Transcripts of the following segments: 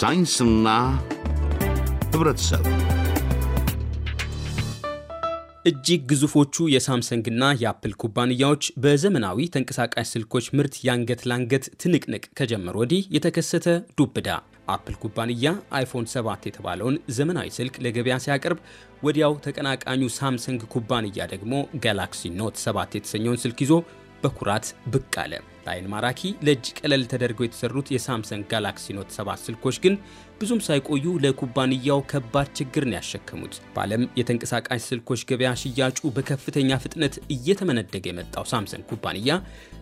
ሳይንስና ህብረተሰብ እጅግ ግዙፎቹ የሳምሰንግና የአፕል ኩባንያዎች በዘመናዊ ተንቀሳቃሽ ስልኮች ምርት የአንገት ለአንገት ትንቅንቅ ከጀመሩ ወዲህ የተከሰተ ዱብዳ። አፕል ኩባንያ አይፎን 7 የተባለውን ዘመናዊ ስልክ ለገበያ ሲያቀርብ ወዲያው ተቀናቃኙ ሳምሰንግ ኩባንያ ደግሞ ጋላክሲ ኖት 7 የተሰኘውን ስልክ ይዞ በኩራት ብቅ አለ። ለአይን ማራኪ ለእጅ ቀለል ተደርገው የተሰሩት የሳምሰንግ ጋላክሲ ኖት ሰባት ስልኮች ግን ብዙም ሳይቆዩ ለኩባንያው ከባድ ችግርን ያሸከሙት። በዓለም የተንቀሳቃሽ ስልኮች ገበያ ሽያጩ በከፍተኛ ፍጥነት እየተመነደገ የመጣው ሳምሰንግ ኩባንያ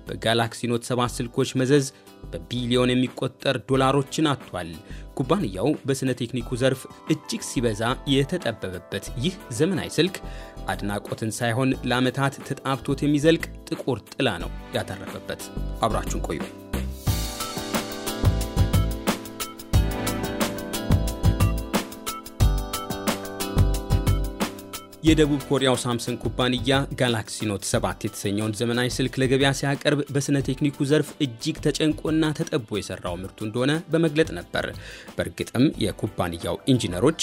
በጋላክሲ ኖት 7 ስልኮች መዘዝ በቢሊዮን የሚቆጠር ዶላሮችን አጥቷል። ኩባንያው በሥነ ቴክኒኩ ዘርፍ እጅግ ሲበዛ የተጠበበበት ይህ ዘመናዊ ስልክ አድናቆትን ሳይሆን ለዓመታት ተጣብቶት የሚዘልቅ ጥቁር ጥላ ነው ያተረፈበት። አብራችሁን ቆዩ። የደቡብ ኮሪያው ሳምሰንግ ኩባንያ ጋላክሲ ኖት 7 የተሰኘውን ዘመናዊ ስልክ ለገበያ ሲያቀርብ በስነ ቴክኒኩ ዘርፍ እጅግ ተጨንቆና ተጠቦ የሰራው ምርቱ እንደሆነ በመግለጥ ነበር። በእርግጥም የኩባንያው ኢንጂነሮች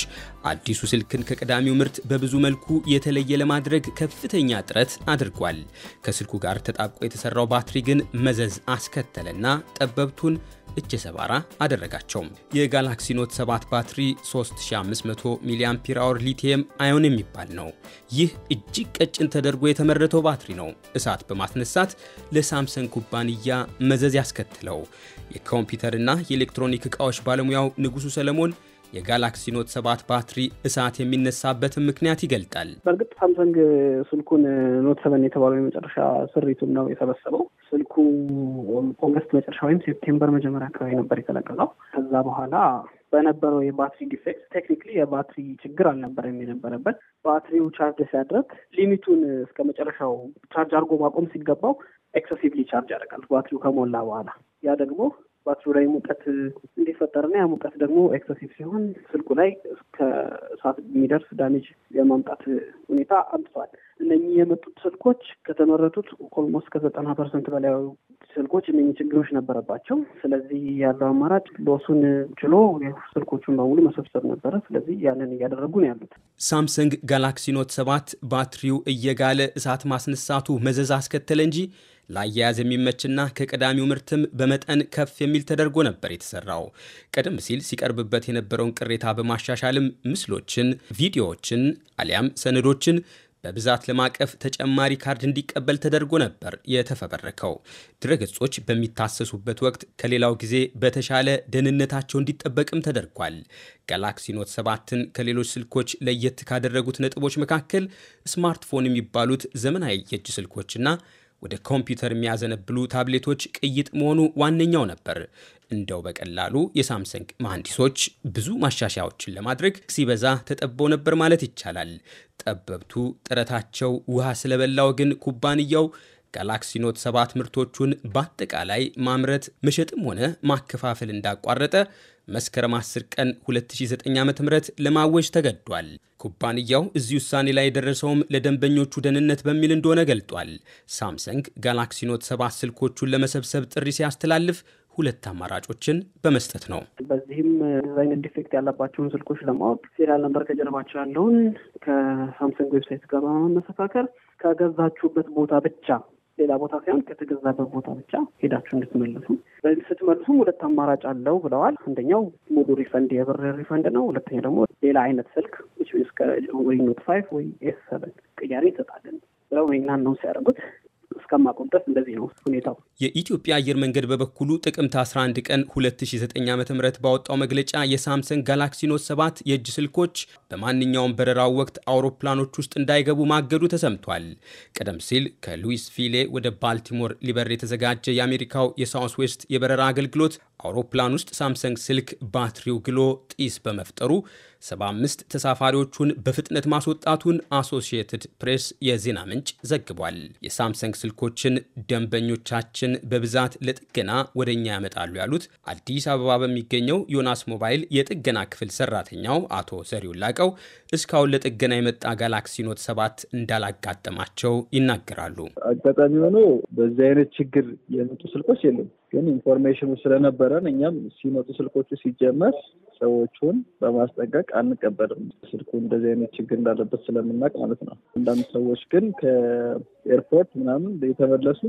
አዲሱ ስልክን ከቀዳሚው ምርት በብዙ መልኩ የተለየ ለማድረግ ከፍተኛ ጥረት አድርጓል። ከስልኩ ጋር ተጣብቆ የተሰራው ባትሪ ግን መዘዝ አስከተለና ጠበብቱን እጀ ሰባራ አደረጋቸው። የጋላክሲ ኖት 7 ባትሪ 3500 ሚሊ አምፒር አወር ሊቲየም አዮን የሚባል ነው። ይህ እጅግ ቀጭን ተደርጎ የተመረተው ባትሪ ነው እሳት በማስነሳት ለሳምሰንግ ኩባንያ መዘዝ ያስከትለው። የኮምፒውተርና የኤሌክትሮኒክ ዕቃዎች ባለሙያው ንጉሱ ሰለሞን የጋላክሲ ኖት ሰባት ባትሪ እሳት የሚነሳበትን ምክንያት ይገልጣል። በእርግጥ ሳምሰንግ ስልኩን ኖት ሰበን የተባለው የመጨረሻ ስሪቱን ነው የሰበሰበው። ስልኩ ኦገስት መጨረሻ ወይም ሴፕቴምበር መጀመሪያ አካባቢ ነበር የተለቀቀው። ከዛ በኋላ በነበረው የባትሪ ዲፌክት ቴክኒክሊ የባትሪ ችግር አልነበረም የነበረበት። ባትሪው ቻርጅ ሲያደርግ ሊሚቱን እስከ መጨረሻው ቻርጅ አድርጎ ማቆም ሲገባው ኤክሰሲቭሊ ቻርጅ ያደርጋል ባትሪው ከሞላ በኋላ። ያ ደግሞ ባትሪው ላይ ሙቀት እንዲፈጠርና ያ ሙቀት ደግሞ ኤክሰሲቭ ሲሆን ስልኩ ላይ እስከ እሳት የሚደርስ ዳሜጅ የማምጣት ሁኔታ አምጥቷል። እነኚህ የመጡት ስልኮች ከተመረቱት ኦልሞስት ከዘጠና ፐርሰንት በላይ ስልኮች እነኝህ ችግሮች ነበረባቸው። ስለዚህ ያለው አማራጭ ሎሱን ችሎ ስልኮቹን በሙሉ መሰብሰብ ነበረ። ስለዚህ ያንን እያደረጉ ነው ያሉት። ሳምሰንግ ጋላክሲ ኖት ሰባት ባትሪው እየጋለ እሳት ማስነሳቱ መዘዝ አስከተለ እንጂ ለአያያዝ የሚመችና ከቀዳሚው ምርትም በመጠን ከፍ የሚል ተደርጎ ነበር የተሰራው። ቀደም ሲል ሲቀርብበት የነበረውን ቅሬታ በማሻሻልም ምስሎችን፣ ቪዲዮዎችን አሊያም ሰነዶችን በብዛት ለማቀፍ ተጨማሪ ካርድ እንዲቀበል ተደርጎ ነበር የተፈበረከው። ድረገጾች በሚታሰሱበት ወቅት ከሌላው ጊዜ በተሻለ ደህንነታቸው እንዲጠበቅም ተደርጓል። ጋላክሲ ኖት ሰባትን ከሌሎች ስልኮች ለየት ካደረጉት ነጥቦች መካከል ስማርትፎን የሚባሉት ዘመናዊ የእጅ ስልኮችና ወደ ኮምፒውተር የሚያዘነብሉ ታብሌቶች ቅይጥ መሆኑ ዋነኛው ነበር። እንደው በቀላሉ የሳምሰንግ መሐንዲሶች ብዙ ማሻሻያዎችን ለማድረግ ሲበዛ ተጠበው ነበር ማለት ይቻላል። ጠበብቱ ጥረታቸው ውሃ ስለበላው ግን ኩባንያው ጋላክሲ ኖት ሰባት ምርቶቹን በአጠቃላይ ማምረት መሸጥም ሆነ ማከፋፈል እንዳቋረጠ መስከረም 10 ቀን 2009 ዓ ም ለማወጅ ተገዷል። ኩባንያው እዚህ ውሳኔ ላይ የደረሰውም ለደንበኞቹ ደህንነት በሚል እንደሆነ ገልጧል። ሳምሰንግ ጋላክሲ ኖት ስልኮቹን ለመሰብሰብ ጥሪ ሲያስተላልፍ ሁለት አማራጮችን በመስጠት ነው። በዚህም ዲዛይን ዲፌክት ያለባቸውን ስልኮች ለማወቅ ሴሪያል ነምበር ከጀርባቸው ያለውን ከሳምሰንግ ዌብሳይት ጋር በመመሰካከር ከገዛችሁበት ቦታ ብቻ ሌላ ቦታ ሳይሆን ከተገዛበት ቦታ ብቻ ሄዳችሁ እንድትመልሱ ስትመልሱም ሁለት አማራጭ አለው ብለዋል። አንደኛው ሙሉ ሪፈንድ የብር ሪፈንድ ነው። ሁለተኛ ደግሞ ሌላ አይነት ስልክ ወይ ኖት ፋይቭ ወይ ኤስ ሰበን ቅያሬ ይሰጣለን ብለው ይህን ነው ሲያደርጉት እስከማቆም ድረስ እንደዚህ ነው ሁኔታው። የኢትዮጵያ አየር መንገድ በበኩሉ ጥቅምት 11 ቀን 2009 ዓ ም ባወጣው መግለጫ የሳምሰንግ ጋላክሲ ኖት 7 የእጅ ስልኮች በማንኛውም በረራው ወቅት አውሮፕላኖች ውስጥ እንዳይገቡ ማገዱ ተሰምቷል። ቀደም ሲል ከሉዊስ ፊሌ ወደ ባልቲሞር ሊበር የተዘጋጀ የአሜሪካው የሳውስ ዌስት የበረራ አገልግሎት አውሮፕላን ውስጥ ሳምሰንግ ስልክ ባትሪው ግሎ ጢስ በመፍጠሩ 75 ተሳፋሪዎቹን በፍጥነት ማስወጣቱን አሶሺየትድ ፕሬስ የዜና ምንጭ ዘግቧል። የሳምሰንግ ስልኮችን ደንበኞቻችን በብዛት ለጥገና ወደ እኛ ያመጣሉ ያሉት አዲስ አበባ በሚገኘው ዮናስ ሞባይል የጥገና ክፍል ሰራተኛው አቶ ዘሪው ላቀው እስካሁን ለጥገና የመጣ ጋላክሲ ኖት ሰባት እንዳላጋጠማቸው ይናገራሉ። አጋጣሚ ሆኖ በዚህ አይነት ችግር የመጡ ስልኮች የለም ግን ኢንፎርሜሽኑ ስለነበረን እኛም ሲመጡ ስልኮቹ ሲጀመር ሰዎቹን በማስጠንቀቅ አንቀበልም። ስልኩ እንደዚህ አይነት ችግር እንዳለበት ስለምናውቅ ማለት ነው። አንዳንድ ሰዎች ግን ከኤርፖርት ምናምን የተመለሱ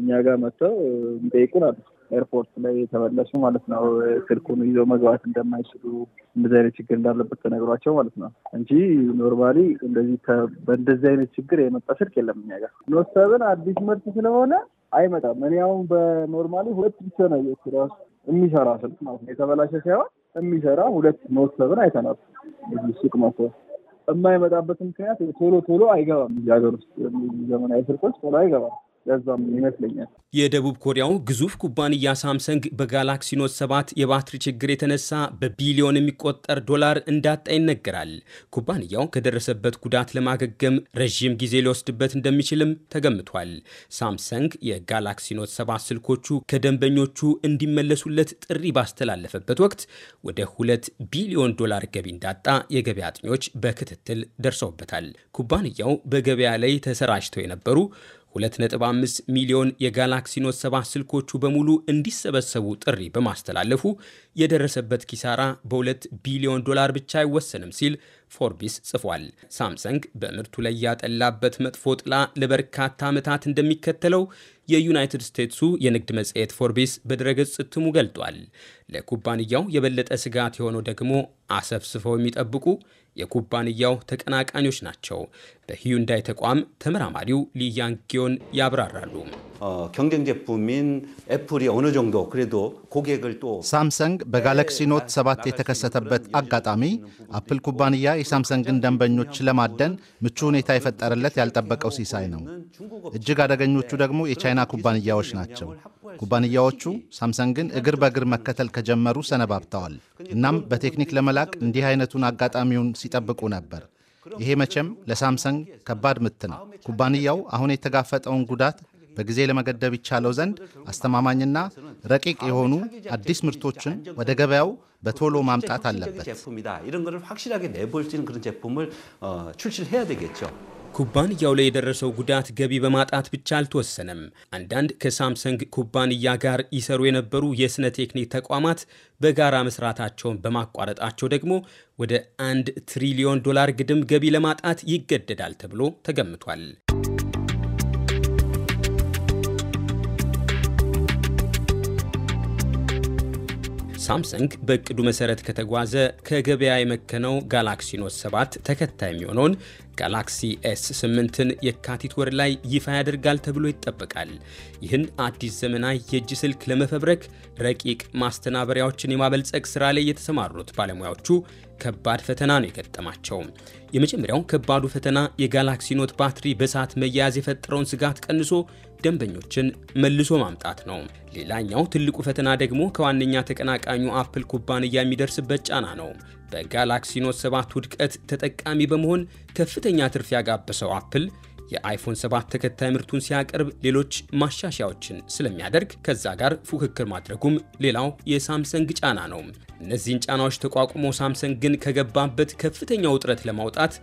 እኛ ጋር መጥተው ጠይቁን አሉ። ኤርፖርት ላይ የተመለሱ ማለት ነው። ስልኩን ይዘው መግባት እንደማይችሉ እንደዚህ አይነት ችግር እንዳለበት ተነግሯቸው ማለት ነው እንጂ ኖርማሊ እንደዚህ በእንደዚህ አይነት ችግር የመጣ ስልክ የለም እኛ ጋር ኖት ሰብን አዲስ ምርት ስለሆነ አይመጣም። እኔ አሁን በኖርማሊ ሁለት ብቻ ነው ራሱ የሚሰራ ስልክ ማለት ነው። የተበላሸ ሳይሆን የሚሰራ ሁለት ኖት ሰብን አይተናል። ሱቅ መቶ የማይመጣበት ምክንያት ቶሎ ቶሎ አይገባም። እዚህ ሀገር ውስጥ ዘመናዊ ስልኮች ቶሎ አይገባም። ለዛም ይመስለኛል የደቡብ ኮሪያው ግዙፍ ኩባንያ ሳምሰንግ በጋላክሲ ኖት የባትሪ ችግር የተነሳ በቢሊዮን የሚቆጠር ዶላር እንዳጣ ይነገራል። ኩባንያው ከደረሰበት ጉዳት ለማገገም ረዥም ጊዜ ሊወስድበት እንደሚችልም ተገምቷል። ሳምሰንግ የጋላክሲ ኖት ስልኮቹ ከደንበኞቹ እንዲመለሱለት ጥሪ ባስተላለፈበት ወቅት ወደ ሁለት ቢሊዮን ዶላር ገቢ እንዳጣ የገበያ አጥኚዎች በክትትል ደርሰውበታል። ኩባንያው በገበያ ላይ ተሰራጭተው የነበሩ 2.5 ሚሊዮን የጋላክሲ ኖት 7 ስልኮቹ በሙሉ እንዲሰበሰቡ ጥሪ በማስተላለፉ የደረሰበት ኪሳራ በ2 ቢሊዮን ዶላር ብቻ አይወሰንም ሲል ፎርቢስ ጽፏል። ሳምሰንግ በምርቱ ላይ ያጠላበት መጥፎ ጥላ ለበርካታ ዓመታት እንደሚከተለው የዩናይትድ ስቴትሱ የንግድ መጽሔት ፎርቢስ በድረገጽ እትሙ ገልጧል። ለኩባንያው የበለጠ ስጋት የሆነው ደግሞ አሰፍስፈው የሚጠብቁ የኩባንያው ተቀናቃኞች ናቸው። በሂዩንዳይ ተቋም ተመራማሪው ሊያንጊዮን ያብራራሉ። ሳምሰንግ በጋላክሲ ኖት 7 የተከሰተበት አጋጣሚ አፕል ኩባንያ የሳምሰንግን ደንበኞች ለማደን ምቹ ሁኔታ የፈጠረለት ያልጠበቀው ሲሳይ ነው። እጅግ አደገኞቹ ደግሞ የቻይና ኩባንያዎች ናቸው። ኩባንያዎቹ ሳምሰንግን እግር በእግር መከተል ከጀመሩ ሰነባብተዋል። እናም በቴክኒክ ለመላቅ እንዲህ አይነቱን አጋጣሚውን ሲጠብቁ ነበር። ይሄ መቼም ለሳምሰንግ ከባድ ምት ነው። ኩባንያው አሁን የተጋፈጠውን ጉዳት በጊዜ ለመገደብ ይቻለው ዘንድ አስተማማኝና ረቂቅ የሆኑ አዲስ ምርቶችን ወደ ገበያው በቶሎ ማምጣት አለበት። ኩባንያው ላይ የደረሰው ጉዳት ገቢ በማጣት ብቻ አልተወሰነም። አንዳንድ ከሳምሰንግ ኩባንያ ጋር ይሰሩ የነበሩ የሥነ ቴክኒክ ተቋማት በጋራ መስራታቸውን በማቋረጣቸው ደግሞ ወደ አንድ ትሪሊዮን ዶላር ግድም ገቢ ለማጣት ይገደዳል ተብሎ ተገምቷል። ሳምሰንግ በእቅዱ መሰረት ከተጓዘ ከገበያ የመከነው ጋላክሲ ኖት 7 ተከታይ የሚሆነውን ጋላክሲ ኤስ 8ን የካቲት ወር ላይ ይፋ ያደርጋል ተብሎ ይጠበቃል። ይህን አዲስ ዘመናዊ የእጅ ስልክ ለመፈብረክ ረቂቅ ማስተናበሪያዎችን የማበልጸግ ስራ ላይ የተሰማሩት ባለሙያዎቹ ከባድ ፈተና ነው የገጠማቸው። የመጀመሪያው ከባዱ ፈተና የጋላክሲ ኖት ባትሪ በእሳት መያያዝ የፈጠረውን ስጋት ቀንሶ ደንበኞችን መልሶ ማምጣት ነው። ሌላኛው ትልቁ ፈተና ደግሞ ከዋነኛ ተቀናቃኙ አፕል ኩባንያ የሚደርስበት ጫና ነው። በጋላክሲ ኖት ሰባት ውድቀት ተጠቃሚ በመሆን ከፍተኛ ትርፍ ያጋበሰው አፕል የአይፎን 7 ተከታይ ምርቱን ሲያቀርብ ሌሎች ማሻሻያዎችን ስለሚያደርግ ከዛ ጋር ፉክክር ማድረጉም ሌላው የሳምሰንግ ጫና ነው። እነዚህን ጫናዎች ተቋቁሞ ሳምሰንግ ግን ከገባበት ከፍተኛ ውጥረት ለማውጣት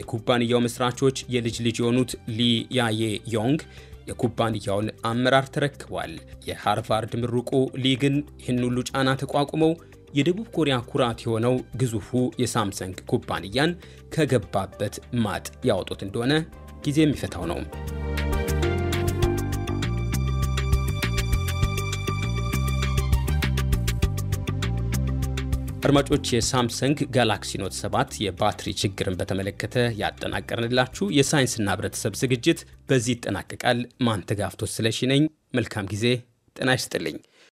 የኩባንያው መስራቾች የልጅ ልጅ የሆኑት ሊ ያዬ ዮንግ የኩባንያውን አመራር ተረክቧል። የሃርቫርድ ምሩቁ ሊ ግን ይህን ሁሉ ጫና ተቋቁመው የደቡብ ኮሪያ ኩራት የሆነው ግዙፉ የሳምሰንግ ኩባንያን ከገባበት ማጥ ያወጡት እንደሆነ ጊዜ የሚፈታው ነው። አድማጮች የሳምሰንግ ጋላክሲ ኖት 7 የባትሪ ችግርን በተመለከተ ያጠናቀርንላችሁ የሳይንስና ህብረተሰብ ዝግጅት በዚህ ይጠናቀቃል። ማንተጋፍቶ ስለሺ ነኝ። መልካም ጊዜ። ጤና ይስጥልኝ።